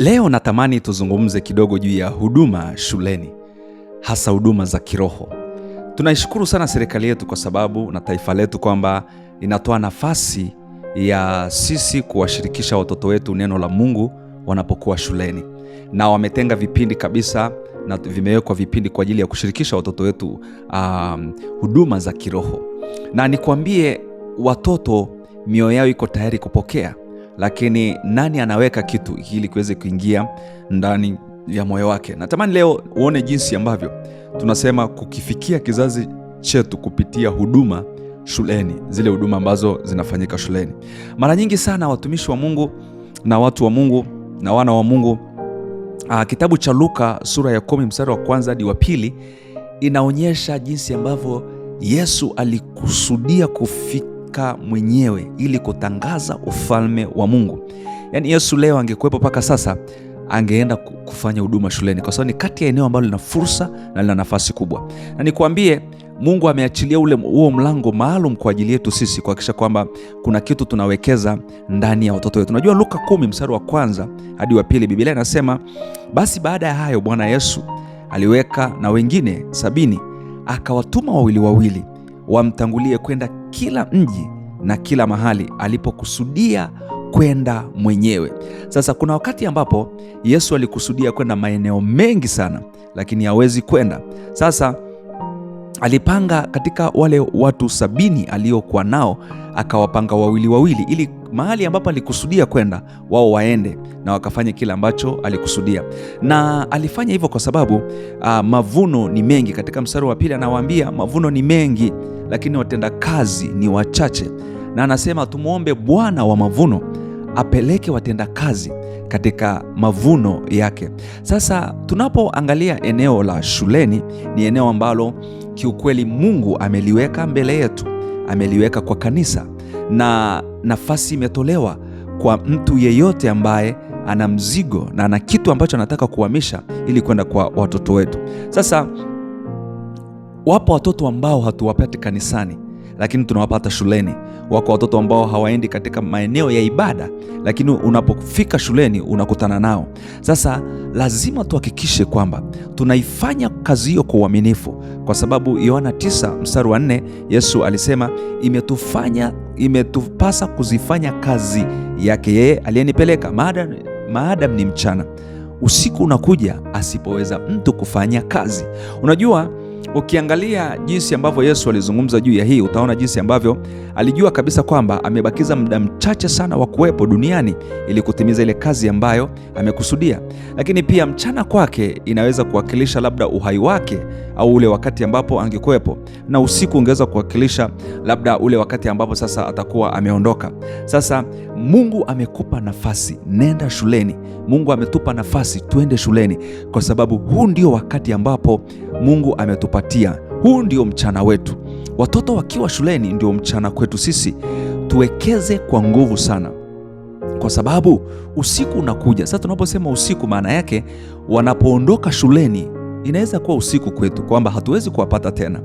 Leo natamani tuzungumze kidogo juu ya huduma shuleni, hasa huduma za kiroho. Tunaishukuru sana serikali yetu kwa sababu na taifa letu kwamba inatoa nafasi ya sisi kuwashirikisha watoto wetu neno la Mungu wanapokuwa shuleni, na wametenga vipindi kabisa na vimewekwa vipindi kwa ajili ya kushirikisha watoto wetu um, huduma za kiroho, na nikuambie watoto mioyo yao iko tayari kupokea lakini nani anaweka kitu ili kiweze kuingia ndani ya moyo wake. Natamani leo uone jinsi ambavyo tunasema kukifikia kizazi chetu kupitia huduma shuleni, zile huduma ambazo zinafanyika shuleni. Mara nyingi sana watumishi wa Mungu na watu wa Mungu na wana wa Mungu Aa, ah, kitabu cha Luka sura ya kumi mstari wa kwanza hadi wa pili inaonyesha jinsi ambavyo Yesu alikusudia kufika mpaka mwenyewe ili kutangaza ufalme wa Mungu. Yaani Yesu leo angekuwepo mpaka sasa angeenda kufanya huduma shuleni, kwa sababu ni kati ya eneo ambalo lina fursa na lina nafasi kubwa. Na nikuambie, Mungu ameachilia ule huo mlango maalum kwa ajili yetu sisi kuhakikisha kwamba kuna kitu tunawekeza ndani ya watoto wetu. Unajua, Luka kumi mstari wa kwanza hadi wa pili, Biblia inasema basi baada ya hayo Bwana Yesu aliweka na wengine sabini akawatuma wawili wawili wamtangulie kwenda kila mji na kila mahali alipokusudia kwenda mwenyewe. Sasa kuna wakati ambapo Yesu alikusudia kwenda maeneo mengi sana, lakini hawezi kwenda. Sasa alipanga katika wale watu sabini aliokuwa nao, akawapanga wawili wawili, ili mahali ambapo alikusudia kwenda wao waende na wakafanye kile ambacho alikusudia. Na alifanya hivyo kwa sababu uh, mavuno ni mengi. Katika mstari wa pili anawaambia mavuno ni mengi lakini watendakazi ni wachache, na anasema tumwombe Bwana wa mavuno apeleke watendakazi katika mavuno yake. Sasa tunapoangalia eneo la shuleni, ni eneo ambalo kiukweli Mungu ameliweka mbele yetu, ameliweka kwa kanisa, na nafasi imetolewa kwa mtu yeyote ambaye ana mzigo na ana kitu ambacho anataka kuhamisha ili kwenda kwa watoto wetu. Sasa Wapo watoto ambao hatuwapati kanisani lakini tunawapata shuleni. Wako watoto ambao hawaendi katika maeneo ya ibada, lakini unapofika shuleni unakutana nao. Sasa lazima tuhakikishe kwamba tunaifanya kazi hiyo kwa uaminifu, kwa sababu Yohana 9 mstari wa 4 Yesu alisema imetufanya, imetupasa kuzifanya kazi yake yeye aliyenipeleka, maadam, maadam ni mchana usiku unakuja asipoweza mtu kufanya kazi. Unajua, Ukiangalia jinsi ambavyo Yesu alizungumza juu ya hii, utaona jinsi ambavyo alijua kabisa kwamba amebakiza muda mchache sana wa kuwepo duniani ili kutimiza ile kazi ambayo amekusudia. Lakini pia mchana kwake inaweza kuwakilisha labda uhai wake au ule wakati ambapo angekuwepo, na usiku ungeweza kuwakilisha labda ule wakati ambapo sasa atakuwa ameondoka. Sasa Mungu amekupa nafasi, nenda shuleni. Mungu ametupa nafasi, tuende shuleni, kwa sababu huu ndio wakati ambapo Mungu ametupa unaofuatia. Huu ndio mchana wetu. Watoto wakiwa shuleni ndio mchana kwetu sisi. Tuwekeze kwa nguvu sana, kwa sababu usiku unakuja. Sasa tunaposema usiku, maana yake wanapoondoka shuleni inaweza kuwa usiku kwetu, kwamba hatuwezi kuwapata tena,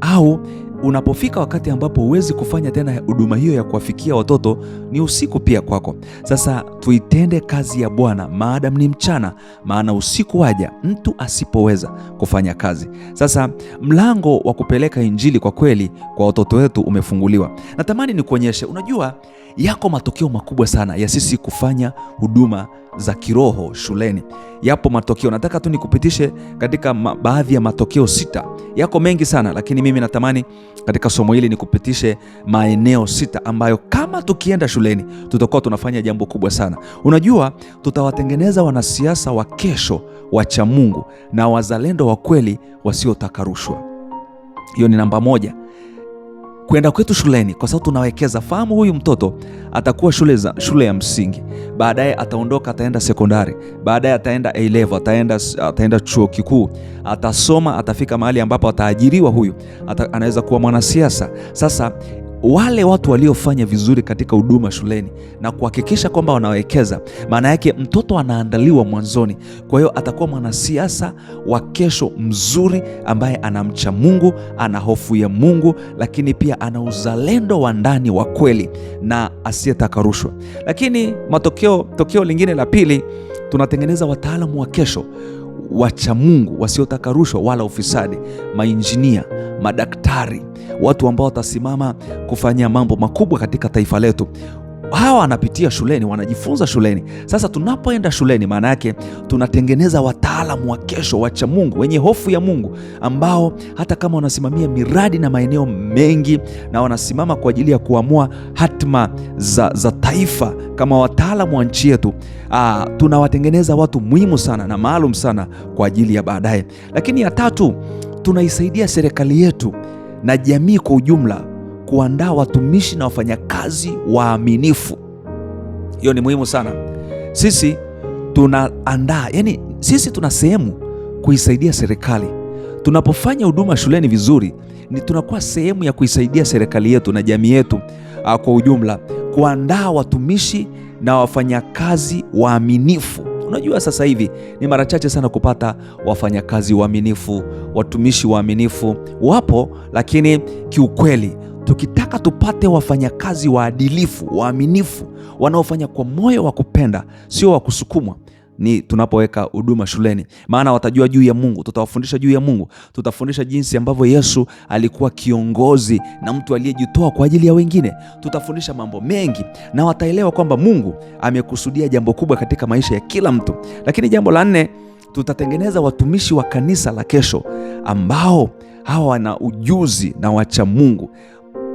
au unapofika wakati ambapo huwezi kufanya tena huduma hiyo ya kuwafikia watoto, ni usiku pia kwako. Sasa tuitende kazi ya Bwana maadamu ni mchana, maana usiku waja mtu asipoweza kufanya kazi. Sasa mlango wa kupeleka injili kwa kweli kwa watoto wetu umefunguliwa. Natamani nikuonyeshe, unajua yako matokeo makubwa sana ya sisi kufanya huduma za kiroho shuleni. Yapo matokeo, nataka tu nikupitishe katika baadhi ya matokeo sita. Yako mengi sana, lakini mimi natamani katika somo hili nikupitishe maeneo sita ambayo kama tukienda shuleni tutakuwa tunafanya jambo kubwa sana. Unajua, tutawatengeneza wanasiasa wa kesho wacha Mungu na wazalendo wa kweli wasiotaka rushwa. Hiyo ni namba moja kwenda kwetu shuleni, kwa sababu tunawekeza. Fahamu huyu mtoto atakuwa shule, za, shule ya msingi, baadaye ataondoka, ataenda sekondari, baadaye ataenda A level, ataenda, ataenda chuo kikuu, atasoma, atafika mahali ambapo ataajiriwa. Huyu ata, anaweza kuwa mwanasiasa. Sasa wale watu waliofanya vizuri katika huduma shuleni na kuhakikisha kwamba wanawekeza, maana yake mtoto anaandaliwa mwanzoni. Kwa hiyo atakuwa mwanasiasa wa kesho mzuri, ambaye anamcha Mungu, ana hofu ya Mungu, lakini pia ana uzalendo wa ndani wa kweli na asiyetaka rushwa. Lakini matokeo, tokeo lingine la pili, tunatengeneza wataalamu wa kesho wacha Mungu wasiotaka rushwa wala ufisadi, mainjinia, madaktari, watu ambao watasimama kufanya mambo makubwa katika taifa letu hawa wanapitia shuleni, wanajifunza shuleni. Sasa tunapoenda shuleni, maana yake tunatengeneza wataalamu wa kesho, wacha Mungu, wenye hofu ya Mungu, ambao hata kama wanasimamia miradi na maeneo mengi na wanasimama kwa ajili ya kuamua hatima za, za taifa kama wataalamu wa nchi yetu, ah, tunawatengeneza watu muhimu sana na maalum sana kwa ajili ya baadaye. Lakini ya tatu, tunaisaidia serikali yetu na jamii kwa ujumla kuandaa watumishi na wafanyakazi waaminifu. Hiyo ni muhimu sana. Sisi tunaandaa, yani sisi tuna sehemu kuisaidia serikali. Tunapofanya huduma shuleni vizuri, ni tunakuwa sehemu ya kuisaidia serikali yetu na jamii yetu ah, kwa ujumla, kuandaa watumishi na wafanyakazi waaminifu. Unajua, sasa hivi ni mara chache sana kupata wafanyakazi waaminifu, watumishi waaminifu. Wapo, lakini kiukweli Tunataka tupate wafanyakazi waadilifu, waaminifu, wanaofanya kwa moyo wa kupenda, sio wa kusukumwa. Ni tunapoweka huduma shuleni, maana watajua juu ya Mungu, tutawafundisha juu ya Mungu, tutafundisha jinsi ambavyo Yesu alikuwa kiongozi na mtu aliyejitoa kwa ajili ya wengine. Tutafundisha mambo mengi na wataelewa kwamba Mungu amekusudia jambo kubwa katika maisha ya kila mtu. Lakini jambo la nne, tutatengeneza watumishi wa kanisa la kesho ambao hawa wana ujuzi na wacha Mungu.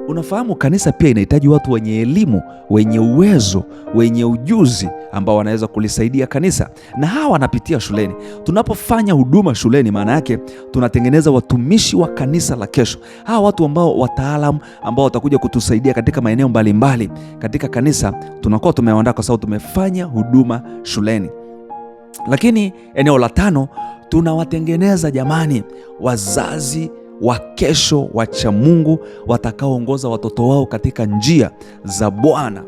Unafahamu, kanisa pia inahitaji watu wenye elimu, wenye uwezo, wenye ujuzi ambao wanaweza kulisaidia kanisa, na hawa wanapitia shuleni. Tunapofanya huduma shuleni, maana yake tunatengeneza watumishi wa kanisa la kesho, hawa watu ambao wataalamu, ambao watakuja kutusaidia katika maeneo mbalimbali katika kanisa. Tunakuwa tumewaandaa kwa sababu tumefanya huduma shuleni. Lakini eneo la tano, tunawatengeneza jamani, wazazi wa kesho wacha Mungu watakaoongoza watoto wao katika njia za Bwana.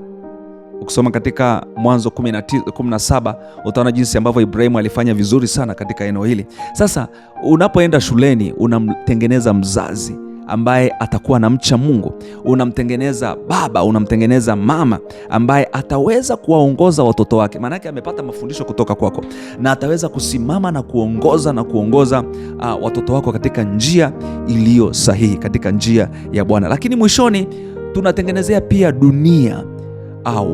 Ukisoma katika Mwanzo 17 utaona jinsi ambavyo Ibrahimu alifanya vizuri sana katika eneo hili. Sasa unapoenda shuleni unamtengeneza mzazi ambaye atakuwa na mcha Mungu, unamtengeneza baba, unamtengeneza mama ambaye ataweza kuwaongoza watoto wake, maanake amepata mafundisho kutoka kwako, na ataweza kusimama na kuongoza na kuongoza uh, watoto wako katika njia iliyo sahihi, katika njia ya Bwana. Lakini mwishoni tunatengenezea pia dunia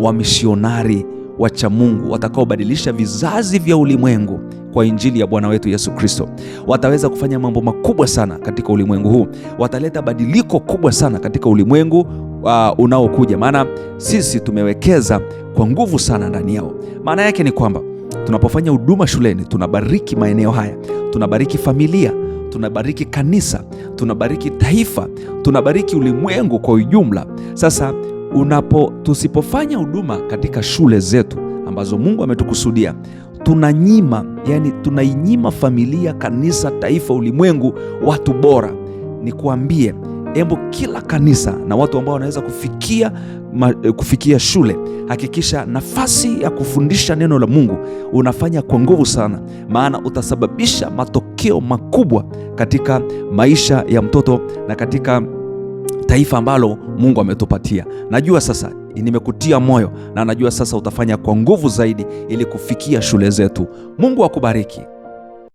uh, misionari wacha Mungu watakaobadilisha vizazi vya ulimwengu kwa injili ya Bwana wetu Yesu Kristo. Wataweza kufanya mambo makubwa sana katika ulimwengu huu, wataleta badiliko kubwa sana katika ulimwengu uh, unaokuja, maana sisi tumewekeza kwa nguvu sana ndani yao. Maana yake ni kwamba tunapofanya huduma shuleni, tunabariki maeneo haya, tunabariki familia tunabariki kanisa, tunabariki taifa, tunabariki ulimwengu kwa ujumla. Sasa unapo tusipofanya huduma katika shule zetu ambazo Mungu ametukusudia tunanyima, yani tunainyima familia, kanisa, taifa, ulimwengu watu bora. Nikuambie, embo kila kanisa na watu ambao wanaweza kufikia, kufikia shule, hakikisha nafasi ya kufundisha neno la Mungu unafanya kwa nguvu sana, maana utasababisha matokeo makubwa katika maisha ya mtoto na katika taifa ambalo Mungu ametupatia. Najua sasa nimekutia moyo na najua sasa utafanya kwa nguvu zaidi ili kufikia shule zetu. Mungu akubariki.